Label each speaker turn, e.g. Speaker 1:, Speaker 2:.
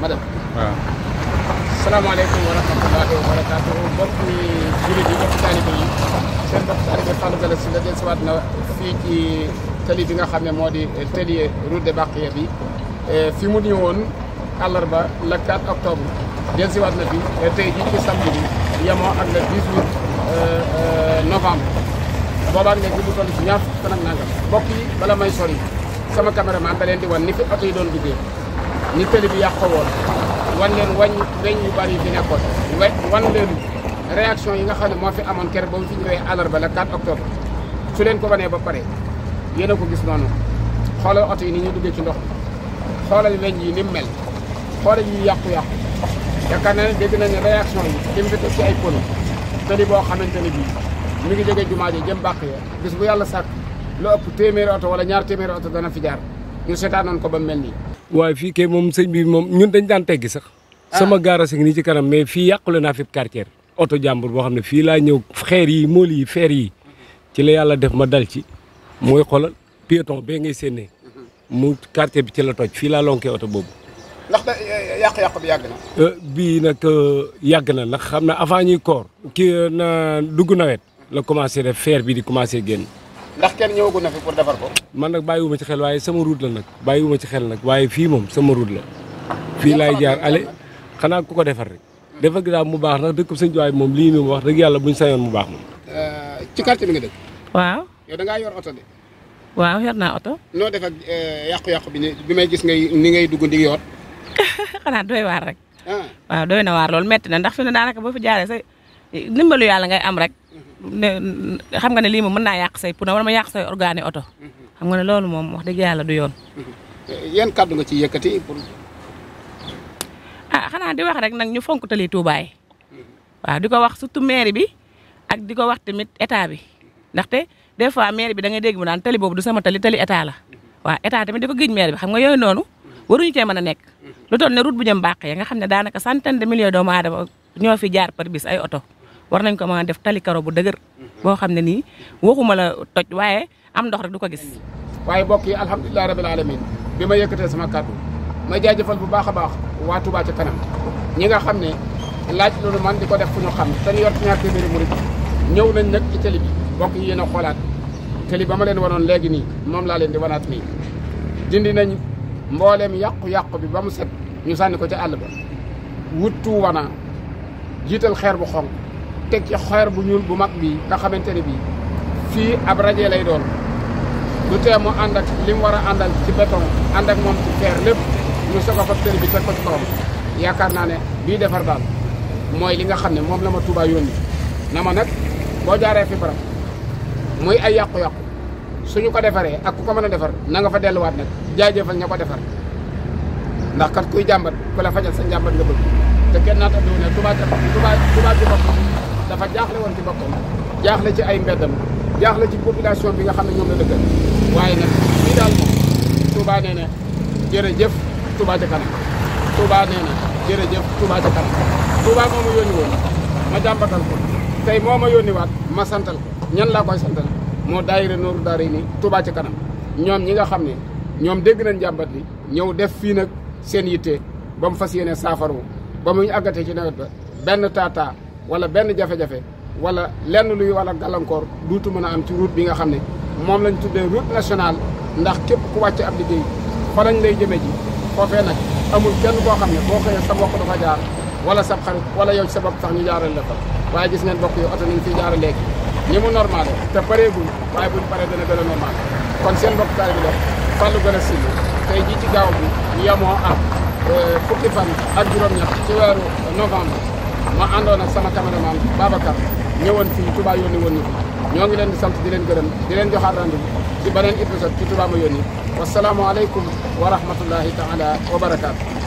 Speaker 1: ma dem waaw salaamaaleykum wa rahmatullahi wa barakaatu mbokk mi jullit yi mbokk taalibe yi seen mbokk taalibe Fallou na fii ci tëli bi nga xam ne moo di tëli route de Bakhiya bi e, fi mu ñu woon àllarba le 4 octobre del siwaat na fi e, tey jii ci samedi bi yemoo ak le 18 e, novembre boobaag léegi bu toll ci ñaar fukki fan ak nangam mbokk bala may sori sama caméraman da leen di wan ni fi oto doon duggee ni tëli bi yàqo woon wan leen wañ weñ yu bari fi nekkoon wan leen réaction yi nga xam ne moo fi amoon kere ba mu fi ñëwee àllarba le 4 octobre su leen ko wanee ba pare yéen a ko gis noonu xoolal oto yi ni ñu duggee ci ndox mi xoolal weñ yi ni mu mel xoolal yu yàqu-yàqu yaakaar naa ne dégg nañ ne réaction yi jëm ci ay pono tëli boo xamante ne bii mi ngi jógee jumaa ji jëm bàq ya bis bu yàlla sàkk lu ëpp téeméeri oto wala ñaar téeméeri oto dana fi jaar ñu seetaanoon ko ba mu mel nii
Speaker 2: waaye fii kay moom sëñ bi moom ñun dañ daan teggi sax. Ah. sama gaaraas gi nii ci kanam mais fii yàqule naa fi quartier oto jàmbur boo xam ne fii laa ñëw xeer yi mool yi feer yi ci la yàlla def ma dal ci mooy xoolal piéton bee ngay séenee mu quartier bi ci la toj fii laa lonkee oto boobu.
Speaker 1: ndax da yàq-yàq
Speaker 2: bi yàgg na. Euh, bii nag euh, yàgg na ndax xam na avant ñuy koor. ki euh, na dugg nawet. la commencé def feer bi di commencé génn. ndax kenn ñëwagul na fi pour defar ko. man nag bàyyiwuma ci xel waaye sama route la nag bàyyiwuma ci xel nag waaye fii moom sama route la. fii laay jaar ale xanaa ku ko defar rek. defar gi mu baax nag dëkk sëñ Juwaay moom lii nii wax dëgg yàlla buñ sañoon mu baax
Speaker 1: euh, ci quartier bi nga
Speaker 2: dëkk.
Speaker 1: yor oto de.
Speaker 3: waaw yor oto.
Speaker 1: noo def euh, yàqu-yàqu
Speaker 3: bi bi may gis ngay ni ngay dugg di yor. xanaa doy waar rek. Ah. waaw doy na waar loolu metti na ndax fi ne daanaka boo fi jaaree sa ndimbalu yàlla ngay am rek xam nga ne lii moom mën naa yàq say pour wala ma yàq say organe oto. xam nga ne loolu moom wax dëgg yàlla du yoon.
Speaker 1: yan kàddu nga ci yëkkati pour.
Speaker 3: ah xanaa di wax rek nag ñu fonk tali Touba waa waaw di ko wax surtout maire bi ak di ko wax tamit état bi ndaxte des fois maire bi da ngay dégg mu naan tali boobu du sama tali tali état la waa état tamit di ko géej maire bi xam nga yooyu noonu waruñu cee mën a nekk lu toll ne route bu jëm bàq yanga xam ne daanaka centaine de millions doomu ñoo fi jaar par bis ay war nañ ko mën a def tali karo bu dëgër boo xam ne nii waxuma la toj waaye am ndox rek du ko gis waaye mbokk yi alhamdulilahi rabil alamin bi ma yëkkatee sama kàddu ma
Speaker 1: jaajëfal bu baax a baax waa Touba ca kanam ñi nga xam ne laaj loolu man di ko def fu ñu xam te ñu yor ñaar téeméeri murit ñëw nañ nag ci tali bi mbokk yi yéen a xoolaat tali ba ma leen wanoon léegi nii moom laa leen di wanaat nii dindi nañ mbooleem yàqu-yàqu bi ba mu set ñu sànni ko ca àll ba wut Touba na jiital xeer bu xonq teg ci xeer bu ñuul bu mag bi nga xamante ne bii fii ab rajo lay doon du tee mu ànd ak mu war a àndal ci béton ànd ak moom ci fer lépp ñu soog a fa tër bi teg ko ci kawam yaakaar naa ne bii defar daal mooy li nga xam ne moom la ma Touba yónni na ma nag boo jaaree fi barab muy ay yàqu-yàqu suñu ko defaree ak ku ko mën a defar na nga fa delluwaat nag jaajëfal ña ko defar ndax kat kuy jàmbat ku la fajal sa njàmbat nga bëgg te kenn naata du ne Touba dafa jaaxle woon ci boppam jaaxle ci ay mbeddam jaaxle ci population bi nga xam ne ñoom la dëkkal waaye nag lii daal moom Touba nee na jërëjëf Touba ca kanam Touba nee na jërëjëf Touba ca moo ma yónni ma jàmbatal ko tey moo ma yónni ma santal ko ñan laa koy moo daayira nooru daara yi nii Touba ca kanam ñoom ñi nga xam ni ñoom dégg nañ jàmbat li ñëw def fii nag seen yitte ba mu fas yéene saafaru ba mu ñu àggatee ci nawet ba benn taataa wala benn jafe-jafe wala lenn luy walla gàllankoor duutu mën a am ci route bi nga xam ne moom lañ tuddee route nationale ndax képp ku am di liggéey fa lañ lay jëme ji foofee nag amul kenn boo xam ne boo xëyee sa mbokk dafa jaar wala sab xarit wala yow ci sa bopp sax ñu jaaral la fa waaye gis ngeen bokk yi oto nañ fi jaara léegi ñi mu normal te pareegul waaye buñ paree dana gën a normal kon seen bokk bi la fàllu gën a sili tey jii ci gaaw bi yemoo am euh, fukki fan ak ma àndoon ak sama cameraman Babacar ñëwoon fii Touba yónni woon ñu ñoo ngi leen di sant di leen gërëm di leen joxaat rendez-vous ci beneen épisode ci Touba ma yónni wasalaamu aleykum wa rahmatullahi taala wa barakaatu